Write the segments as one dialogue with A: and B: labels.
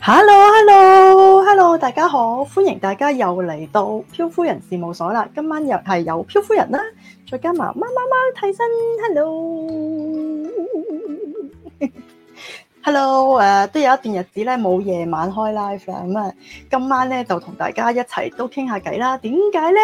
A: Hello，Hello，Hello，hello, hello, 大家好，歡迎大家又嚟到漂夫人事務所啦。今晚又係有漂夫人啦，再加埋媽媽媽替身。Hello，Hello，誒 hello，啊，都有一段日子咧冇夜晚開 live 嘅，咁啊，今晚咧就同大家一齊都傾下偈啦。點解咧？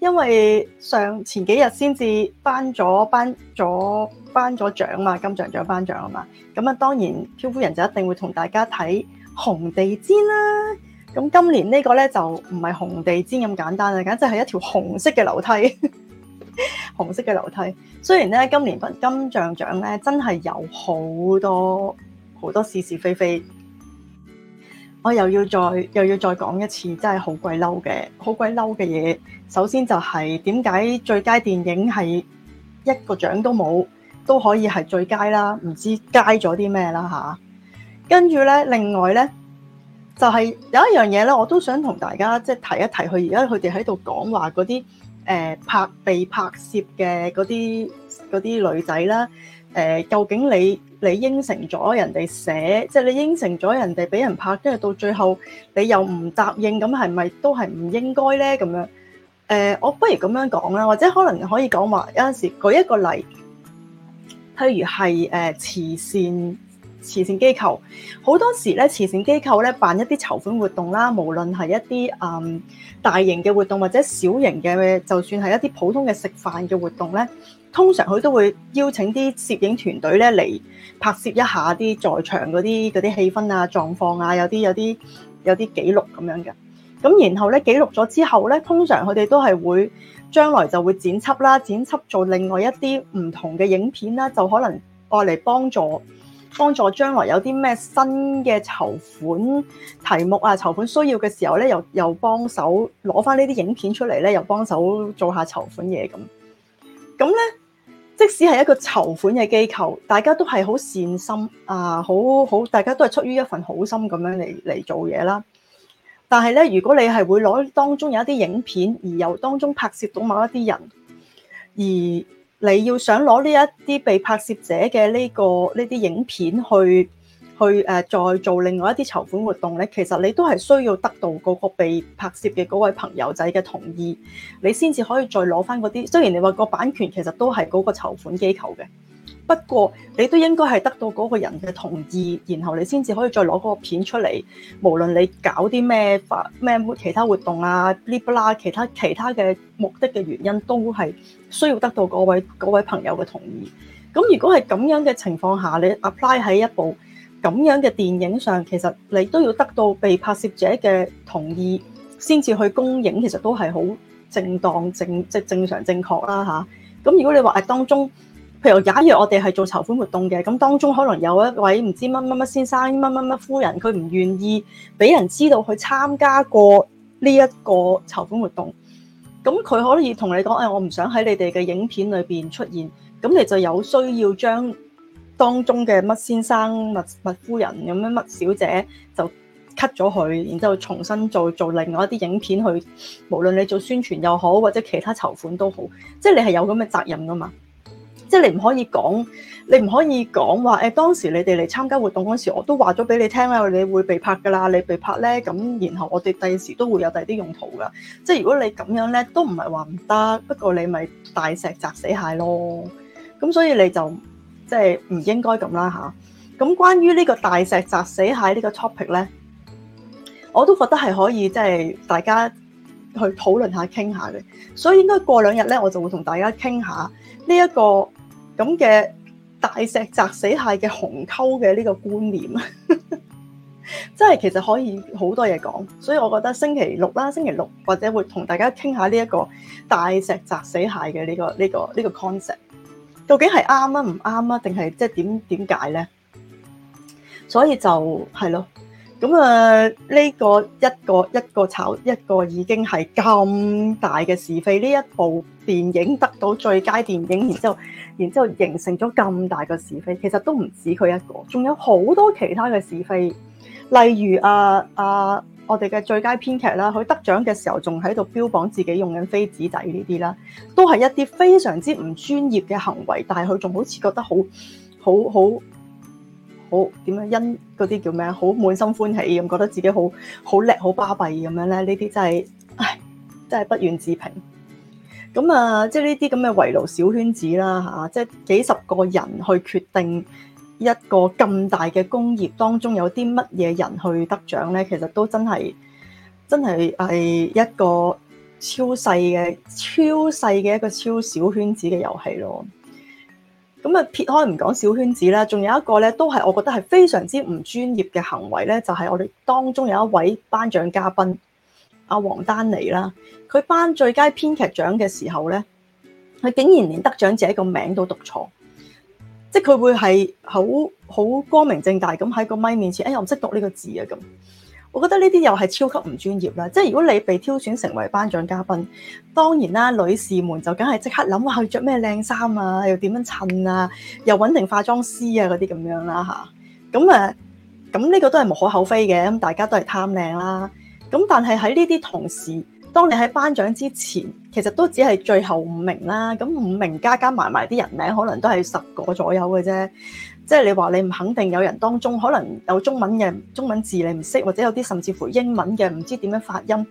A: 因為上前幾日先至頒咗頒咗頒咗獎嘛，金像獎頒獎啊嘛。咁啊，當然漂夫人就一定會同大家睇。紅地氈啦、啊，咁今年呢個呢，就唔係紅地氈咁簡單啦，簡直係一條紅色嘅樓梯，呵呵紅色嘅樓梯。雖然呢，今年份金像獎呢，真係有好多好多是是非非，我又要再又要再講一次，真係好鬼嬲嘅，好鬼嬲嘅嘢。首先就係點解最佳電影係一個獎都冇都可以係最佳啦？唔知佳咗啲咩啦嚇？跟住咧，另外咧，就係有一樣嘢咧，我都想同大家即係提一提。佢而家佢哋喺度講話嗰啲誒拍被拍攝嘅嗰啲嗰啲女仔啦。誒，究竟你你應承咗人哋寫，即係你應承咗人哋俾人拍，跟住到最後你又唔答應，咁係咪都係唔應該咧？咁樣誒，我不如咁樣講啦，或者可能可以講話有陣時舉一個例，譬如係誒慈善。慈善機構好多時咧，慈善機構咧辦一啲籌款活動啦，無論係一啲嗯大型嘅活動，或者小型嘅，就算係一啲普通嘅食飯嘅活動咧，通常佢都會邀請啲攝影團隊咧嚟拍攝一下啲在場嗰啲嗰啲氣氛啊、狀況啊，有啲有啲有啲記錄咁樣嘅。咁然後咧記錄咗之後咧，通常佢哋都係會將來就會剪輯啦，剪輯做另外一啲唔同嘅影片啦，就可能愛嚟幫助。幫助將來有啲咩新嘅籌款題目啊，籌款需要嘅時候咧，又又幫手攞返呢啲影片出嚟咧，又幫手做下籌款嘢咁。咁咧，即使係一個籌款嘅機構，大家都係好善心啊，好好大家都係出於一份好心咁樣嚟嚟做嘢啦。但係咧，如果你係會攞當中有一啲影片，而由當中拍攝到某一啲人，而你要想攞呢一啲被拍攝者嘅呢個呢啲影片去去誒，再做另外一啲籌款活動咧，其實你都係需要得到嗰個被拍攝嘅嗰位朋友仔嘅同意，你先至可以再攞返嗰啲。雖然你話個版權其實都係嗰個籌款機構嘅。不過你都應該係得到嗰個人嘅同意，然後你先至可以再攞嗰個片出嚟。無論你搞啲咩發咩其他活動啊，l i 啦其他其他嘅目的嘅原因，都係需要得到嗰位嗰位朋友嘅同意。咁如果係咁樣嘅情況下，你 apply 喺一部咁樣嘅電影上，其實你都要得到被拍攝者嘅同意先至去公映，其實都係好正當正即正常正確啦吓。咁如果你話係當中，譬如假如我哋係做籌款活動嘅，咁當中可能有一位唔知乜乜乜先生、乜乜乜夫人，佢唔願意俾人知道佢參加過呢一個籌款活動，咁佢可以同你講：誒、哎，我唔想喺你哋嘅影片裏面出現，咁你就有需要將當中嘅乜先生、乜乜夫人、咁樣乜小姐就 cut 咗佢，然之後重新做做另外一啲影片去，無論你做宣傳又好，或者其他籌款都好，即係你係有咁嘅責任噶嘛。即係你唔可以講，你唔可以講話誒當時你哋嚟參加活動嗰時，我都話咗俾你聽啦，你會被拍噶啦，你被拍咧咁，然後我哋第二時都會有第二啲用途噶。即係如果你咁樣咧，都唔係話唔得，不過你咪大石砸死蟹咯。咁所以你就即係唔應該咁啦吓，咁關於呢個大石砸死蟹呢個 topic 咧，我都覺得係可以即係、就是、大家。去討論下、傾下嘅，所以應該過兩日咧，我就會同大家傾下呢、呢、一個咁嘅大石砸死蟹嘅紅溝嘅呢個觀念，即 係其實可以好多嘢講，所以我覺得星期六啦、星期六或者會同大家傾下呢一個大石砸死蟹嘅呢、呢個呢、呢個呢、呢個 concept，究竟係啱啊、唔啱啊，定係即係點點解咧？所以就係咯。對了。咁、嗯、啊！呢、這個一個一個炒一個已經係咁大嘅是非，呢一部電影得到最佳電影，然之後，然之後形成咗咁大嘅是非，其實都唔止佢一個，仲有好多其他嘅是非，例如啊啊，我哋嘅最佳編劇啦，佢得獎嘅時候仲喺度標榜自己用緊飛紙仔呢啲啦，都係一啲非常之唔專業嘅行為，但係佢仲好似覺得好好好。好點樣因嗰啲叫咩啊？好滿心歡喜咁，覺得自己好好叻、好巴閉咁樣咧。呢啲真係，唉，真係不願置評。咁啊，即係呢啲咁嘅圍爐小圈子啦，嚇、啊，即係幾十個人去決定一個咁大嘅工業當中有啲乜嘢人去得獎咧？其實都真係真係係一個超細嘅、超細嘅一個超小圈子嘅遊戲咯。咁啊，撇開唔講小圈子啦，仲有一個咧，都係我覺得係非常之唔專業嘅行為咧，就係、是、我哋當中有一位頒獎嘉賓阿王丹妮啦，佢頒最佳編劇獎嘅時候咧，佢竟然連得獎者個名都讀錯，即係佢會係好好光明正大咁喺個咪面前，哎，我唔識讀呢個字啊咁。我覺得呢啲又係超級唔專業啦！即係如果你被挑選成為頒獎嘉賓，當然啦，女士們就梗係即刻諗話要着咩靚衫啊，又點樣襯啊，又揾定化妝師啊嗰啲咁樣啦嚇。咁啊，咁、啊、呢、啊啊呢個都係無可厚非嘅，咁大家都係貪靚啦。咁、啊、但係喺呢啲同時，當你喺頒獎之前，其實都只係最後五名啦。咁五名加加埋埋啲人名，可能都係十個左右嘅啫。即係你話你唔肯定有人當中可能有中文嘅中文字你唔識，或者有啲甚至乎英文嘅唔知點樣發音，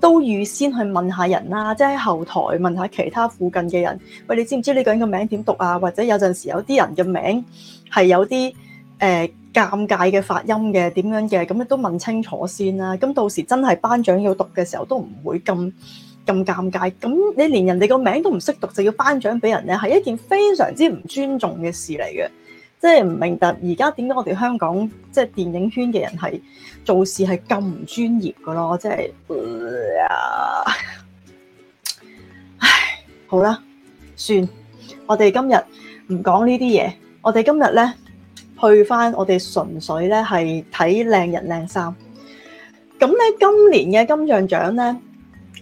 A: 都預先去問下人啦、啊，即係喺後台問下其他附近嘅人。喂，你知唔知呢個人嘅名點讀啊？或者有陣時有啲人嘅名係有啲誒、呃、尷尬嘅發音嘅，點樣嘅咁你都問清楚先啦、啊。咁到時真係頒獎要讀嘅時候都唔會咁咁尷尬。咁你連人哋個名都唔識讀，就要頒獎俾人咧，係一件非常之唔尊重嘅事嚟嘅。即係唔明白，而家點解我哋香港即係、就是、電影圈嘅人係做事係咁唔專業嘅咯？即係、呃，唉，好啦，算了，我哋今日唔講呢啲嘢，我哋今日咧去翻，我哋純粹咧係睇靚人靚衫。咁咧，今年嘅金像獎咧，誒、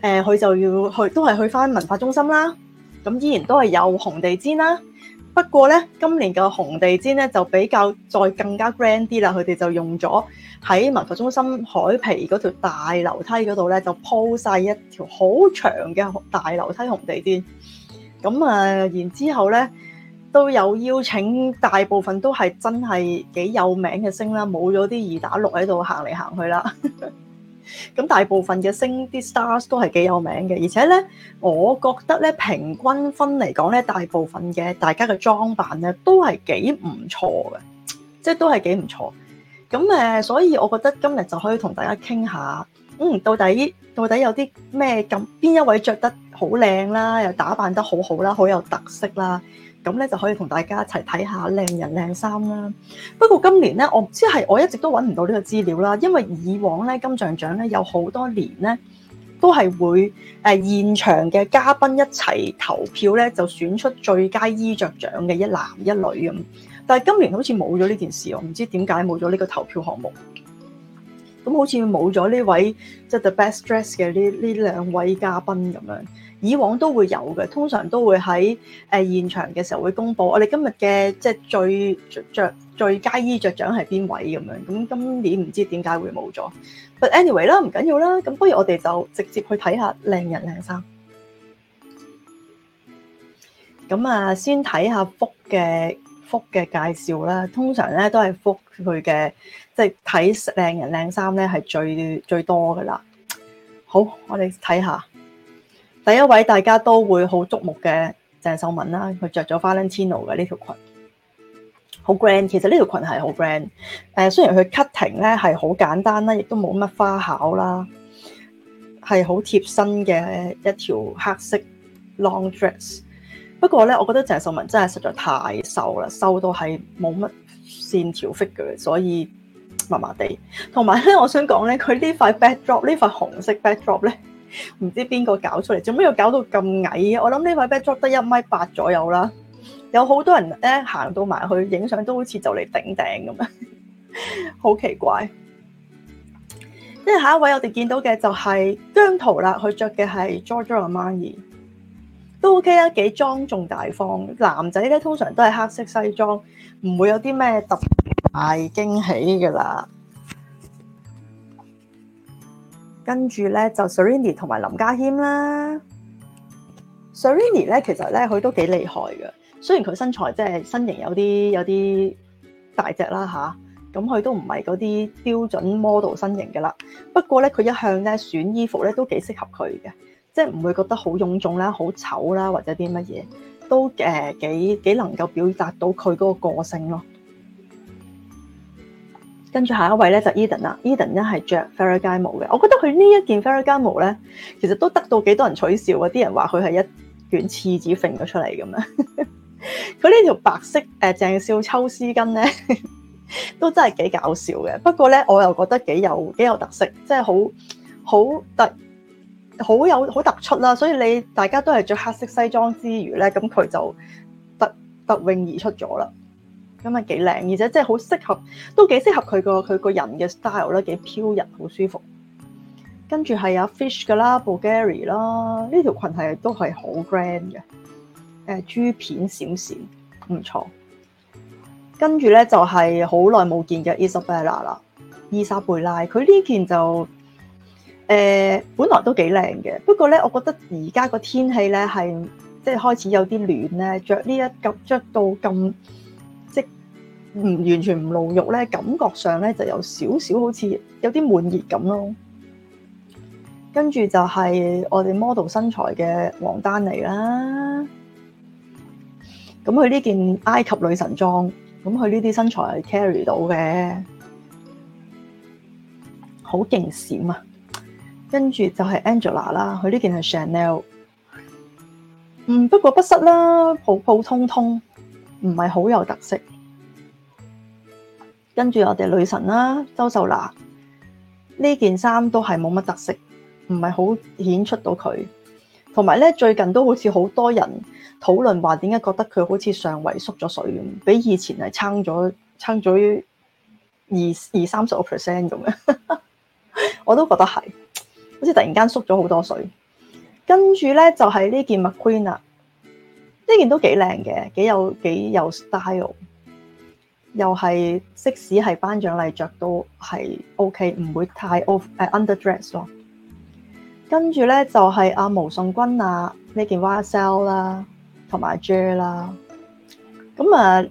A: 呃，佢就要去，都係去翻文化中心啦。咁依然都係有紅地氈啦。不過咧，今年嘅紅地氈咧就比較再更加 grand 啲啦，佢哋就用咗喺文化中心海皮嗰條大樓梯嗰度咧，就鋪晒一條好長嘅大樓梯紅地氈。咁啊，然之後咧都有邀請大部分都係真係幾有名嘅星啦，冇咗啲二打六喺度行嚟行去啦。 咁大部分嘅升啲 stars 都係幾有名嘅，而且咧，我覺得咧平均分嚟講咧，大部分嘅大家嘅裝扮咧都係幾唔錯嘅，即係都係幾唔錯。咁誒，所以我覺得今日就可以同大家傾下，嗯，到底到底有啲咩咁邊一位着得好靚啦，又打扮得好好啦，好有特色啦。咁咧就可以同大家一齊睇下靚人靚衫啦。不過今年咧，我唔知係我一直都揾唔到呢個資料啦。因為以往咧金像獎咧有好多年咧都係會誒、呃、現場嘅嘉賓一齊投票咧就選出最佳衣著獎嘅一男一女咁。但係今年好似冇咗呢件事，我唔知點解冇咗呢個投票項目。咁好似冇咗呢位即係、就是、The Best Dress 嘅呢呢兩位嘉賓咁樣。以往都會有嘅，通常都會喺誒現場嘅時候會公布我們。我哋今日嘅即係最著最佳衣著獎係邊位咁樣？咁今年唔知點解會冇咗。But anyway 啦，唔緊要啦。咁不如我哋就直接去睇下靚人靚衫。咁啊，先睇下 Vogue 嘅 Vogue 嘅介紹啦。通常咧都係 Vogue 佢嘅即係睇靚人靚衫咧係最最多噶啦。好，我哋睇下。第一位大家都會好矚目嘅鄭秀文啦，佢着咗 Valentino 嘅呢條裙，好 grand。其實呢條裙係好 grand。誒，雖然佢 cutting 咧係好簡單啦，亦都冇乜花巧啦，係好貼身嘅一條黑色 long dress。不過咧，我覺得鄭秀文真係實在太瘦啦，瘦到係冇乜線條 figure，所以麻麻地。同埋咧，我想講咧，佢呢塊 backdrop，呢塊紅色 backdrop 咧。唔知邊個搞出嚟？做咩要搞到咁矮啊？我諗呢位咩著得一米八左右啦，有好多人咧行到埋去影相都好似就嚟頂頂咁樣，好奇怪！跟住下一位我哋見到嘅就係姜濤啦，佢着嘅係 Giorgio Armani，都 OK 啦，幾莊重大方。男仔咧通常都係黑色西裝，唔會有啲咩特別大驚喜噶啦。跟住咧就 Serrini 同埋林家謙啦，Serrini 咧其實咧佢都幾厲害嘅，雖然佢身材即係身形有啲有啲大隻啦吓，咁、啊、佢都唔係嗰啲標準 model 身形嘅啦。不過咧佢一向咧選衣服咧都幾適合佢嘅，即係唔會覺得好臃腫啦、好醜啦或者啲乜嘢，都誒幾幾能夠表達到佢嗰個個性咯。跟住下一位咧就 Eden 啦，Eden 一係着 Ferragamo 嘅，我覺得佢呢一件 Ferragamo 咧，其實都得到幾多人取笑啊！啲人話佢係一卷廁紙揈咗出嚟咁樣。佢呢條白色誒鄭少秋絲巾咧， 都真係幾搞笑嘅。不過咧，我又覺得幾有幾有特色，即係好好突好有好突出啦。所以你大家都係着黑色西裝之餘咧，咁佢就突突穎而出咗啦。今日幾靚，而且即係好適合，都幾適合佢個佢個人嘅 style 啦，幾飄逸，好舒服。跟住係阿 Fish 㗎啦，Bulgari 啦，呢條裙係都係好 grand 嘅，誒、呃、珠片閃閃，唔錯。跟住咧就係好耐冇見嘅 Isabella 啦，伊莎貝拉佢呢件就誒、呃、本來都幾靚嘅，不過咧我覺得而家個天氣咧係即係開始有啲暖咧，着呢一嚿着到咁。唔完全唔露肉咧，感覺上咧就有少少好似有啲悶熱咁咯。跟住就係我哋 model 身材嘅王丹妮啦。咁佢呢件埃及女神裝，咁佢呢啲身材係 carry 到嘅，好勁閃啊！跟住就係 Angela 啦，佢呢件係 Chanel。嗯，不過不失啦，普普通通，唔係好有特色。跟住我哋女神啦、啊，周秀娜呢件衫都係冇乜特色，唔係好顯出到佢。同埋咧，最近都好似好多人討論話，點解覺得佢好似上圍縮咗水咁，比以前係撐咗撐咗二二三十個 percent 咁樣。 我都覺得係，好似突然間縮咗好多水。跟住咧，就係、是、呢件 McQueen 啦、啊、呢件都幾靚嘅，幾有幾有 style。又係，即使係頒獎禮着都係 OK，唔會太 off 誒、uh, underdress 咯。跟住咧就係、是、阿、啊、毛舜筠啊，呢件 YSL e 啦，同埋 J 啦。咁啊，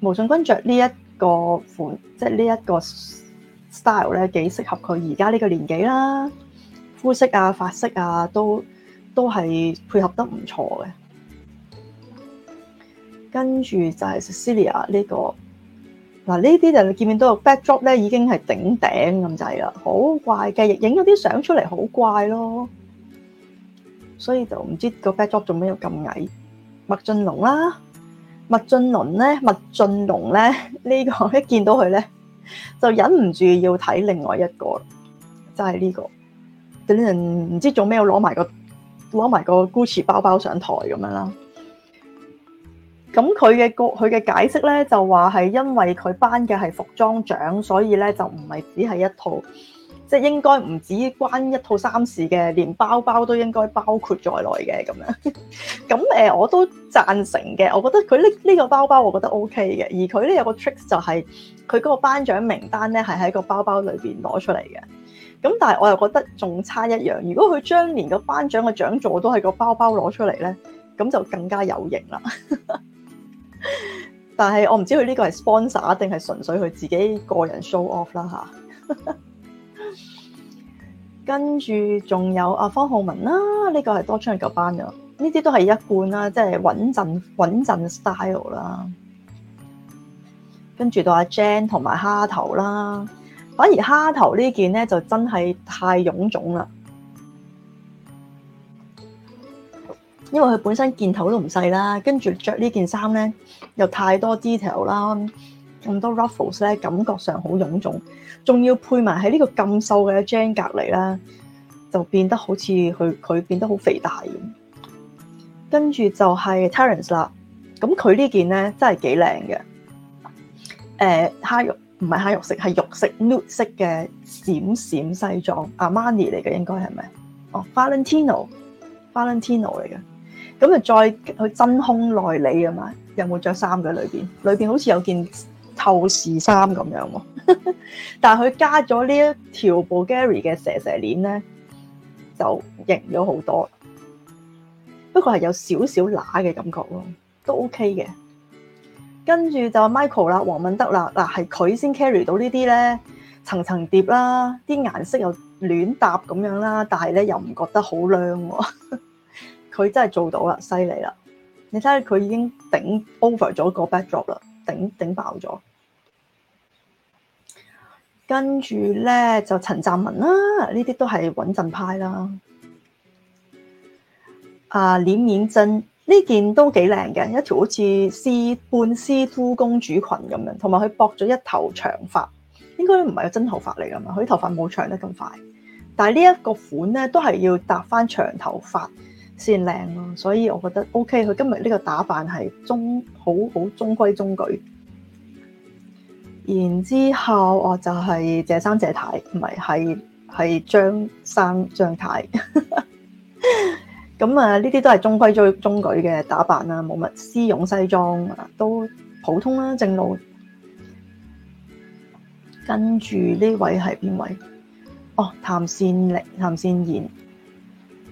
A: 毛舜筠着呢一個款，即係呢一個 style 咧，幾適合佢而家呢個年紀啦。膚色啊，髮色啊，都都係配合得唔錯嘅。跟住就係 Celia 呢、這個。嗱呢啲就見面到個 backdrop 咧，已經係頂頂咁滯啦，好怪嘅，影咗啲相出嚟好怪咯，所以就唔知個 backdrop 做咩咁矮。麥浚龍啦，麥浚龍咧，麥浚龍咧，呢個一見到佢咧，就忍唔住要睇另外一個，就係呢個，等陣唔知做咩要攞埋個攞埋個 Gucci 包包上台咁樣啦。咁佢嘅個佢嘅解釋咧，就話係因為佢頒嘅係服裝獎，所以咧就唔係只係一套，即係應該唔止關一套衫事嘅，連包包都應該包括在內嘅咁樣。咁 誒，我都贊成嘅，我覺得佢拎呢個包包，我覺得 O K 嘅。而佢咧有個 trick 就係佢嗰個頒獎名單咧，係喺個包包裏邊攞出嚟嘅。咁但係我又覺得仲差一樣，如果佢將連個頒獎嘅獎座都喺個包包攞出嚟咧，咁就更加有型啦。 但係我唔知佢呢個係 sponsor 定係純粹佢自己個人 show off 啦吓。 跟住仲有阿、啊、方浩文啦，呢、呢個係多出一嚿斑嘅呢啲都係一貫啦，即係穩陣穩陣 style 啦。跟住到阿、啊、Jane 同埋蝦頭啦，反而蝦頭呢件呢件咧就真係太臃腫啦。因為佢本身件頭都唔細啦，跟住着呢件衫咧又太多 detail 啦，咁多 ruffles 咧，感覺上好臃腫，仲要配埋喺呢個咁瘦嘅 Jane 隔離啦，就變得好似佢佢變得好肥大咁。跟住就係 Terence 啦，咁佢呢件咧真係幾靚嘅，誒，蝦肉唔係黑肉色，係肉色 nude 色嘅閃閃西裝，Armani 嚟嘅應該係咩？哦、oh，Valentino Valentino 嚟嘅。咁啊，再去真空內裏啊嘛，有冇着衫嘅裏邊，裏邊好似有件透視衫咁樣喎。 但係佢加咗呢一條布 gary 嘅蛇蛇鏈咧，就型咗好多。不過係有少少乸嘅感覺咯，都 OK 嘅。跟住就 Michael 啦，王敏德啦，嗱係佢先 carry 到呢啲咧，層層疊啦，啲顏色又亂搭咁樣啦，但係咧又唔覺得好靚喎。佢真係做到啦，犀利啦！你睇下佢已經頂 over 咗個 backdrop 啦，頂頂爆咗。跟住咧就陳湛文啦，呢啲都係穩陣派啦。啊，林明禎，呢件都幾靚嘅，一條好似斯半斯夫公主裙咁樣，同埋佢駁咗一頭長髮，應該唔係個真頭髮嚟㗎嘛，佢啲頭髮冇長得咁快。但係呢一個款咧，都係要搭翻長頭髮。先靚咯，所以我覺得 OK。佢今日呢個打扮係中好好中規中矩。然之後我就係謝生謝太，唔係係係張生張太。咁 啊，呢啲都係中規中中矩嘅打扮啊，冇乜絲絨西裝啊，都普通啦。正路跟住呢位係邊位？哦，譚善力，譚善言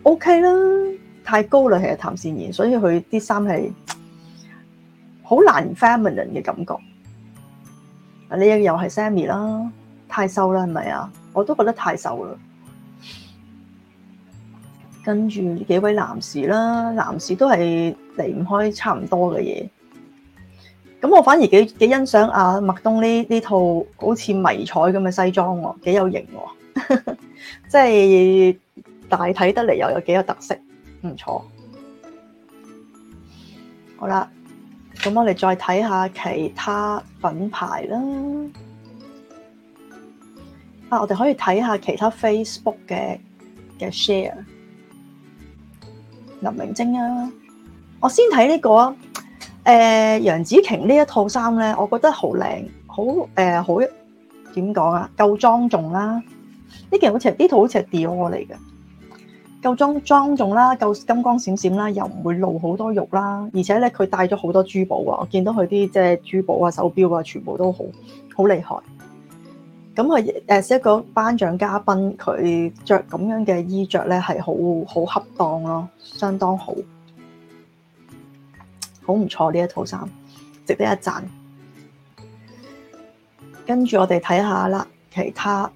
A: ，OK 啦。太高啦，係啊，譚善言，所以佢啲衫係好難 feminine 嘅感覺。啊，呢個又係 Sammy 啦，太瘦啦，係咪啊？我都覺得太瘦啦。跟住幾位男士啦，男士都係離唔開差唔多嘅嘢。咁我反而幾幾欣賞阿麥東呢，呢套好似迷彩咁嘅西裝喎，幾有型喎，即 係大體得嚟又有幾有特色。唔錯，好啦，咁我哋再睇下其他品牌啦。啊，我哋可以睇下其他 Facebook 嘅嘅 share。林明禎啊，我先睇呢、這個啊。誒、呃，楊紫瓊呢一套衫咧，我覺得好靚，好誒，好點講啊？夠莊重啦、啊。呢件好似係呢套好似係 Dior 嚟嘅。夠莊莊重啦，夠金光閃閃啦，又唔會露好多肉啦，而且咧佢戴咗好多珠寶啊！我見到佢啲即係珠寶啊、手錶啊，全部都好好厲害。咁佢誒係一個頒獎嘉賓，佢着咁樣嘅衣着咧係好好恰當咯，相當好，好唔錯，呢一套衫，值得一讚。跟住我哋睇下啦，其他。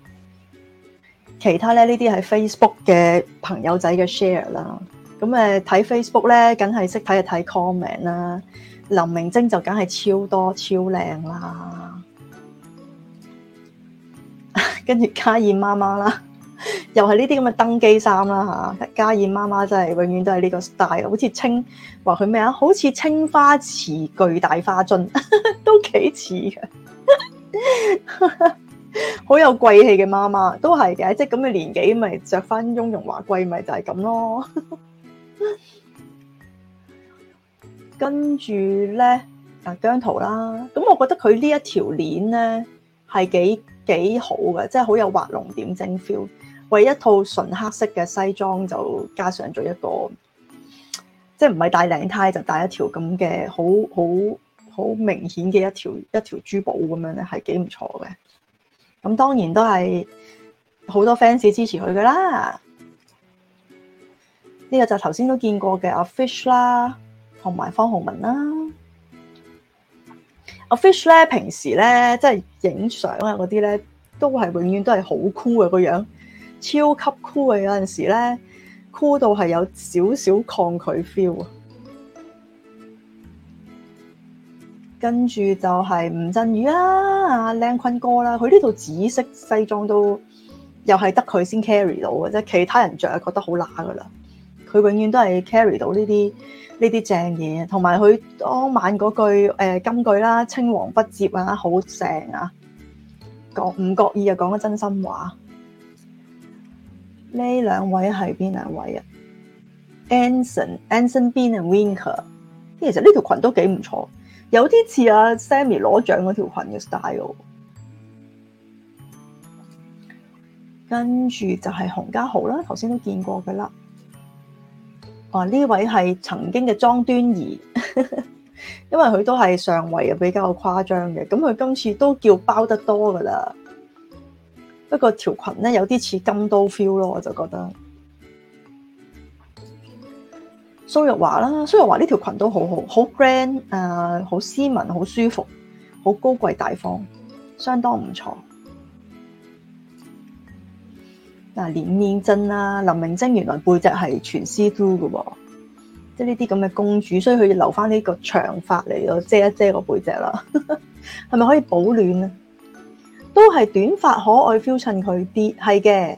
A: 其他咧，呢啲係 Facebook 嘅朋友仔嘅 share 啦。咁誒睇 Facebook 咧，梗係識睇係睇 comment 啦。林明禎就梗係超多超靚啦。 跟住家燕媽媽啦， 又係呢啲咁嘅登基衫啦吓。家燕媽媽真係永遠都係呢個 style，好似青話佢咩啊？好似青花瓷巨大花樽， 都幾似嘅。 好 有貴氣嘅媽媽，都係嘅，即係咁嘅年紀，咪着翻雍容華貴，咪就係、是、咁咯。跟住咧，啊，姜濤啦，咁我覺得佢呢一條鏈咧，係幾幾好嘅，即係好有畫龍點睛 feel。為一,一套純黑色嘅西裝，就加上咗一個，即係唔係戴領呔，就帶一條咁嘅好好好明顯嘅一條一條珠寶咁樣咧，係幾唔錯嘅。咁當然都係好多 fans 支持佢噶啦，呢個就頭先都見過嘅阿 Fish 啦，同埋方浩文啦。阿 Fish 咧，平時咧即係影相啊嗰啲咧，都係永遠都係好 cool 嘅個樣，超級 cool 嘅。有陣時咧，cool 到係有少少抗拒 feel 啊！跟住就係吳振宇啦、啊，阿靚坤哥啦、啊，佢呢套紫色西裝都又係得佢先 carry 到嘅啫，其他人着覺得好乸噶啦。佢永遠都係 carry 到呢啲呢啲正嘢，同埋佢當晚嗰句誒、呃、金句啦，青黃不接啊，好正啊，講唔覺意啊，講得真心話。呢兩位係邊兩位啊？Anson、Anson b a n and w i n k e r 其實呢條裙都幾唔錯。有啲似阿 Sammy 攞獎嗰條裙嘅 style，跟住就係洪家豪啦，頭先都見過㗎啦。啊，呢位係曾經嘅莊端儀， 因為佢都係上圍又比較誇張嘅，咁佢今次都叫包得多㗎啦。不過條裙咧有啲似金刀 feel 咯，我就覺得。蘇玉華啦，蘇玉華呢條裙都好好，好 grand，啊，好斯文，好舒服，好高貴大方，相當唔錯。嗱、啊，連面真啦、啊，林明禎原來背脊係全 see through 即係呢啲咁嘅公主，所以佢要留翻呢個長發嚟咯，遮一遮個背脊啦，係咪可以保暖啊？都係短發可愛，feel 襯佢啲，係嘅。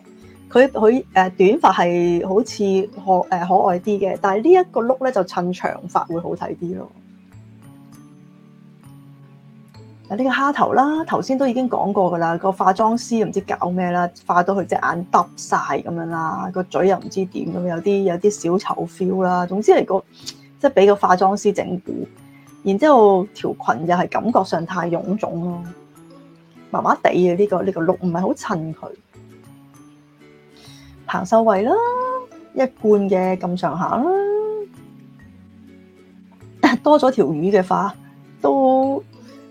A: 佢佢誒短髮係好似可誒、呃、可愛啲嘅，但係呢一個 look o 咧就襯長髮會好睇啲咯。嗱、這、呢個蝦頭啦，頭先都已經講過㗎啦，個化妝師又唔知搞咩啦，化到佢隻眼揼晒咁樣啦，個嘴又唔知點咁，有啲有啲小丑 feel 啦。總之係個即係俾個化妝師整蠱，然之後條裙又係感覺上太臃腫咯，麻麻地啊！呢、這個呢、這個 look 唔係好襯佢。行秀慧啦，一半嘅咁上下啦，多咗條魚嘅花都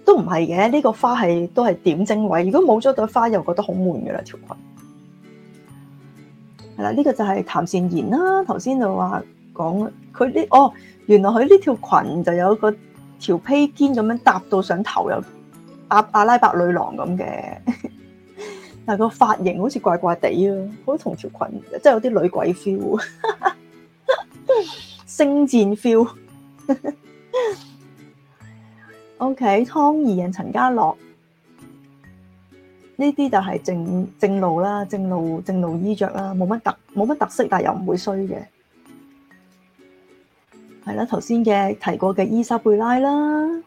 A: 都唔係嘅，呢、呢個花係都係點睛位。如果冇咗朵花，又覺得好悶噶啦條裙。係啦，呢個就係譚善言啦。頭先就話講佢呢，哦，原來佢呢條裙就有個條披肩咁樣搭到，上頭有阿阿拉伯女郎咁嘅。但個髮型好似怪怪地啊，好同條裙，即係有啲女鬼 feel，呵呵星戰 feel。OK，湯怡人、陳家樂，呢啲就係正正路啦，正路正路衣着啦，冇乜特冇乜特色，但又唔會衰嘅。係啦，頭先嘅提過嘅伊莎貝拉啦。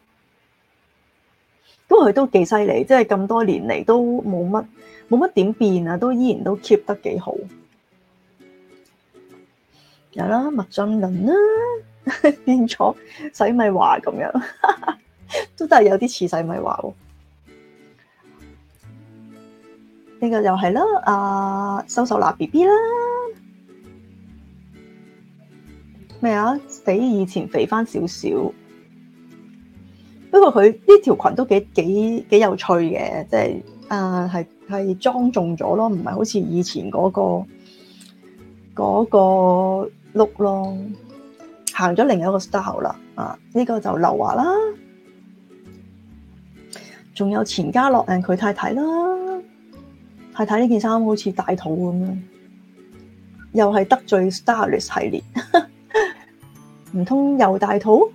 A: 因佢都幾犀利，即係咁多年嚟都冇乜冇乜點變啊，都依然都 keep 得幾好。有啦，麥浚龍啦， 變咗洗米華咁樣， 都真係有啲似洗米華喎。呢、這個又係啦，阿、啊、收手辣 B B 啦，咩啊，比以前肥翻少少。不過佢呢條裙都幾幾幾有趣嘅，即係啊係係莊重咗咯，唔係好似以前嗰、嗰個嗰、嗰個 look 咯，行咗另一個 style 啦。啊，呢、呢個就劉華啦，仲有錢嘉樂誒，佢太太啦，太太呢件衫好似大肚咁樣，又係得罪 stylist 系列，唔 通又大肚？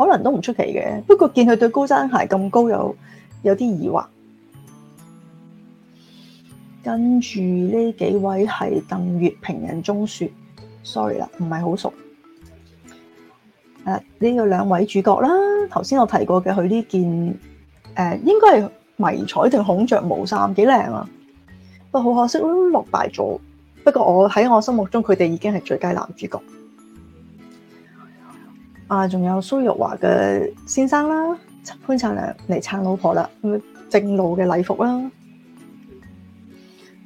A: 可能都唔出奇嘅，不過見佢對高踭鞋咁高有有啲疑惑。跟住呢幾位係鄧月平、人中雪，sorry 啦，唔係好熟。誒、啊、呢、呢個兩位主角啦，頭先我提過嘅佢呢件誒、啊、應該係迷彩定孔雀毛衫，幾靚啊！不過好可惜咯，落敗咗。不過我喺我心目中佢哋已經係最佳男主角。啊，仲有蘇玉華嘅先生啦，潘燦良嚟撐老婆啦，正路嘅禮服啦，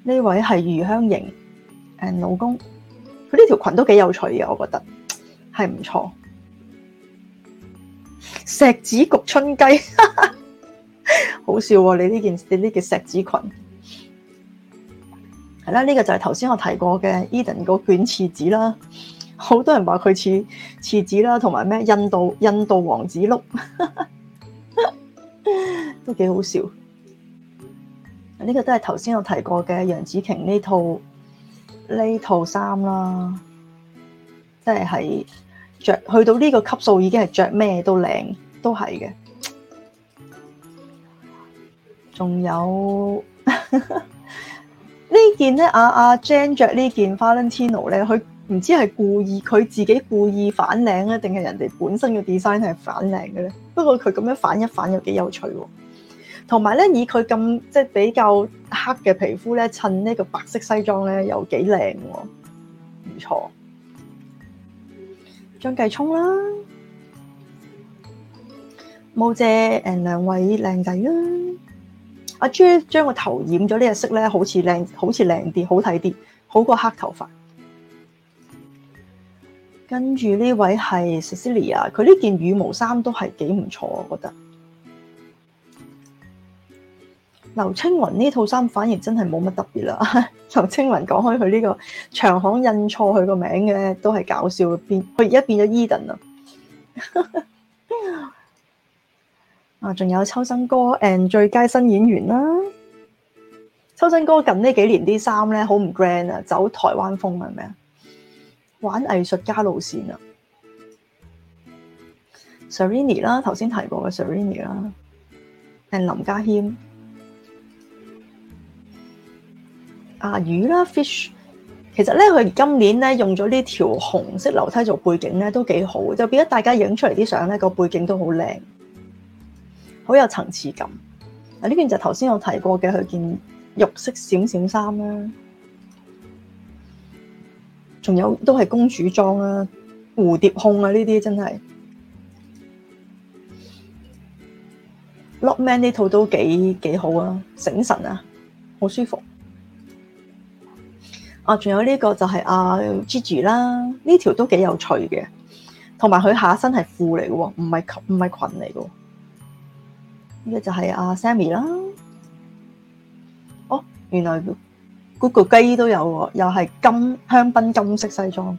A: 呢位係余香瑩誒老公，佢呢條裙都幾有趣嘅，我覺得係唔錯。石子焗春雞，好笑喎、啊！你呢件你呢件石子裙，係啦，呢、這個就係頭先我提過嘅 Eden 個卷廁紙啦。好多人話佢似似子啦，同埋咩印度印度王子 look 都幾好笑。呢、這個都係頭先我提過嘅楊紫瓊呢套呢套衫啦，即係係著去到呢個級數，已經係着咩都靚，都係嘅。仲有 這件呢、啊啊、這件咧，阿阿 Jane 着呢件 Valentino 咧，佢。唔知係故意佢自己故意反領咧，定係人哋本身嘅 design 係反領嘅咧？不過佢咁樣反一反又幾有趣喎、啊。同埋咧，以佢咁即係比較黑嘅皮膚咧，襯呢個白色西裝咧，又幾靚喎，唔錯。張繼聰啦，冇謝誒兩位靚仔啦。阿朱將個頭染咗呢隻色咧，好似靚好似靚啲，好睇啲，好過黑頭髮。跟住呢位係 Cecilia 佢呢件羽毛衫都係幾唔錯的，我覺得。劉青雲呢套衫反而真係冇乜特別啦。 劉青雲講開佢呢個長行印錯佢個名嘅，都係搞笑邊。佢而家變咗 Eden 了 啊，仲有秋生哥，誒最佳新演員啦。秋生哥近呢幾年啲衫咧好唔 grand 啊，走台灣風，係咪啊？玩藝術家路線啊 Sireni 啦，頭先提過嘅 Sireni 啦，誒林家謙阿魚啦 fish，其實咧佢今年咧用咗呢條紅色樓梯做背景咧都幾好，就變咗大家影出嚟啲相咧個背景都好靚，好有層次感。啊呢邊就頭先我提過嘅佢件肉色閃閃衫啦。仲有都係公主裝啊，蝴蝶控啊，呢啲真係。l o t man 呢套都幾幾好啊，醒神啊，好舒服。啊，仲有呢個就係阿、啊、Gigi 啦，呢條都幾有趣嘅，同埋佢下身係褲嚟嘅喎，唔係唔係裙嚟嘅。呢個就、啊、係阿 Sammy 啦。哦，原來嗰個雞都有喎，又係金香檳金色西裝，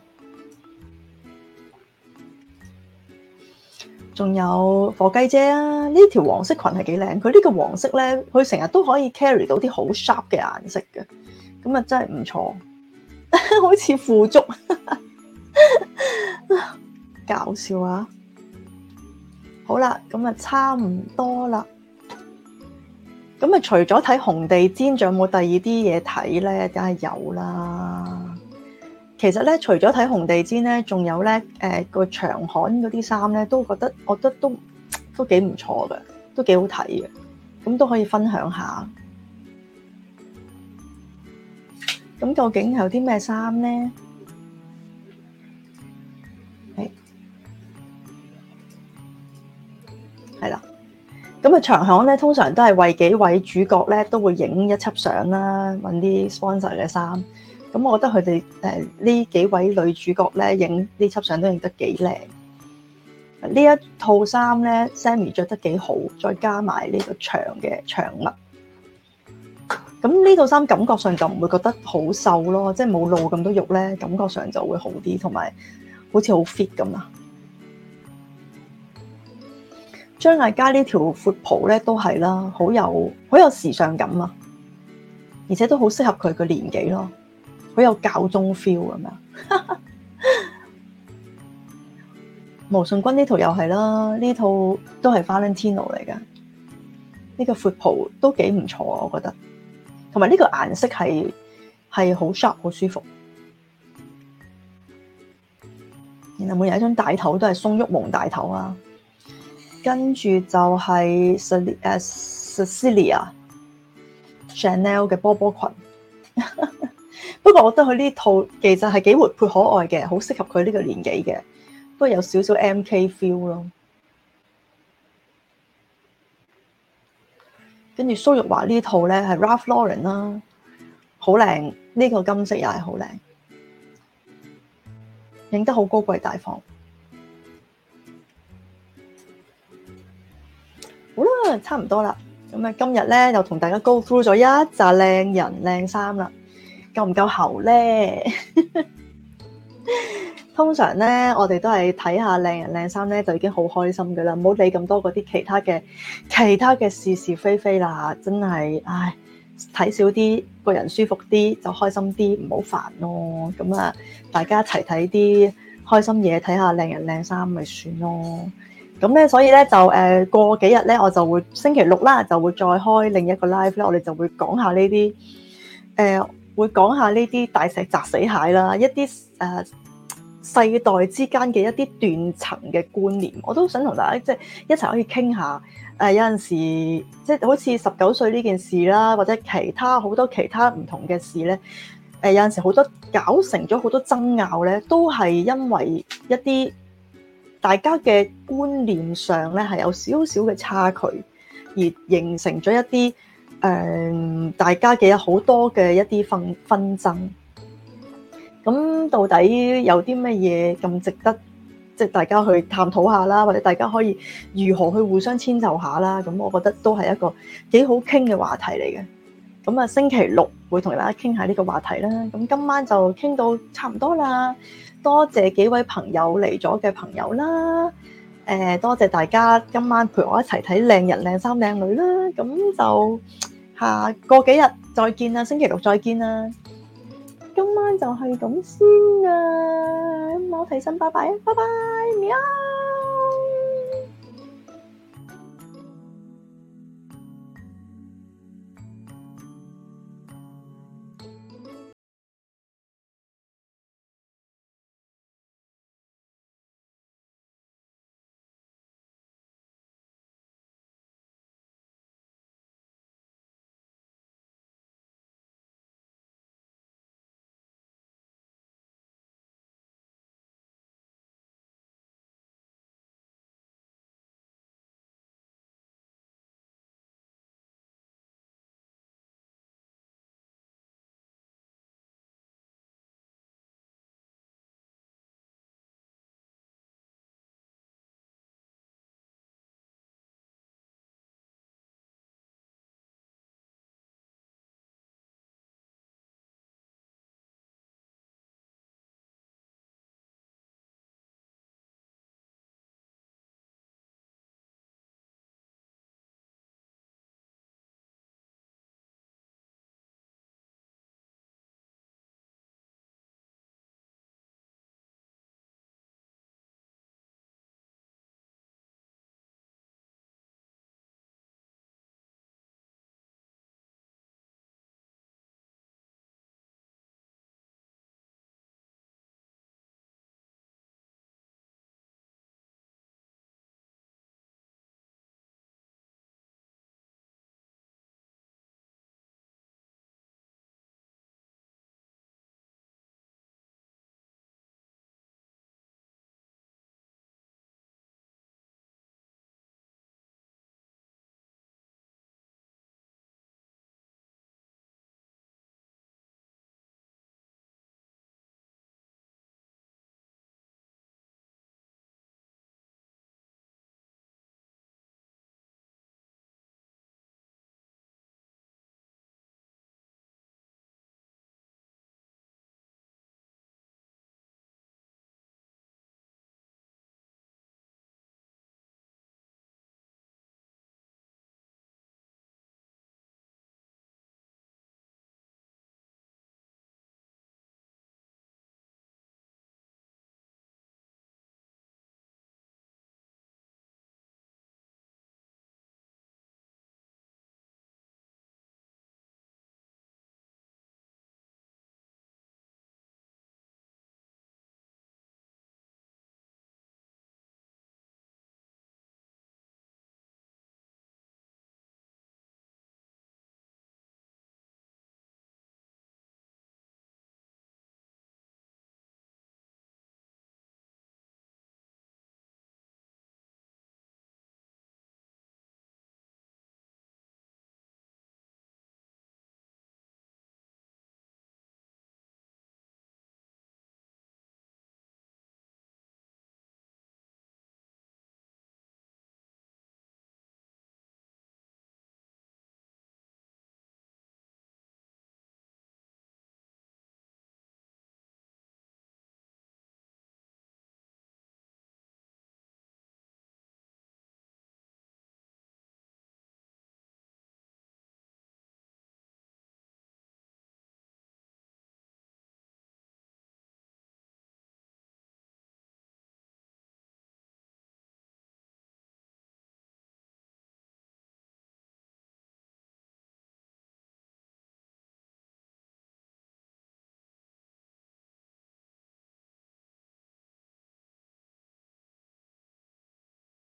A: 仲有火雞姐啊！呢條黃色裙係幾靚，佢呢個黃色咧，佢成日都可以 carry 到啲好 sharp 嘅顏色嘅，咁啊真係唔錯， 好似腐竹， 搞笑啊！好啦，咁啊差唔多啦。咁啊，除咗睇紅地毯，仲有冇第二啲嘢睇咧？梗係有啦。其實咧，除咗睇紅地毯咧，仲有咧，誒、呃、個長款嗰啲衫咧，都覺得，我覺得都都幾唔錯嘅，都幾好睇嘅。咁都可以分享下。咁究竟有啲咩衫咧？係係啦。咁啊，長巷咧通常都係為幾位主角咧都會影一輯相啦，搵啲 sponsor 嘅衫。咁我覺得佢哋呢幾位女主角咧影呢輯相都影得幾靚。呢一套衫咧，Sammy 着得幾好，再加埋呢個長嘅長粒。咁呢套衫感覺上就唔會覺得好瘦咯，即係冇露咁多肉咧，感覺上就會好啲，同埋好似好 fit 咁啦。張艾嘉呢條闊袍咧都係啦，好有好有時尚感啊，而且都好適合佢個年紀咯，好有教宗 feel 咁樣。毛 舜筠呢套又係啦，呢套都係 Valentino 嚟噶，呢、呢個闊袍都幾唔錯啊，我覺得。同埋呢個顏色係係好 sharp 好舒服。然後每日一張大頭都係鬆郁蒙大頭啊。跟住就係 Celia Chanel 嘅波波裙， 不過我覺得佢呢套其實係幾活潑可愛嘅，好適合佢呢個年紀嘅，不過有少少 MK feel 咯。跟住蘇玉華呢套咧係 Ralph Lauren 啦，好靚，呢、這個金色又係好靚，影得好高貴大方。好啦，差唔多啦，咁啊，今日咧又同大家 go through 咗一紮靚人靚衫啦，夠唔夠喉咧？ 通常咧，我哋都係睇下靚人靚衫咧，就已經好開心噶啦，唔好理咁多嗰啲其他嘅其他嘅是是非非啦，真係唉，睇少啲，個人舒服啲就開心啲，唔好煩咯。咁啊，大家一齊睇啲開心嘢，睇下靚人靚衫咪算咯。咁咧，所以咧就誒、呃、過幾日咧，我就會星期六啦，就會再開另一個 live 咧，我哋就會講下呢啲誒，會講下呢啲大石砸死蟹啦，一啲誒、呃、世代之間嘅一啲斷層嘅觀念，我都想同大家即係一齊可以傾下。誒、呃、有陣時即係好似十九歲呢件事啦，或者其他好多其他唔同嘅事咧。誒、呃、有陣時好多搞成咗好多爭拗咧，都係因為一啲大家嘅觀念上咧係有少少嘅差距，而形成咗一啲誒、呃、大家嘅好多嘅一啲紛紛爭。咁到底有啲乜嘢咁值得即係大家去探討下啦，或者大家可以如何去互相遷就下啦？咁我覺得都係一個幾好傾嘅話題嚟嘅。咁啊，星期六會同大家傾下呢個話題啦。咁今晚就傾到差唔多啦。多謝幾位朋友嚟咗嘅朋友啦，誒、呃、多謝大家今晚陪我一齊睇靚人靚衫靚女啦，咁就下個幾日再見啦，星期六再見啦，今晚就係咁先啦、啊，咁我提身拜拜啦、啊，拜拜，晚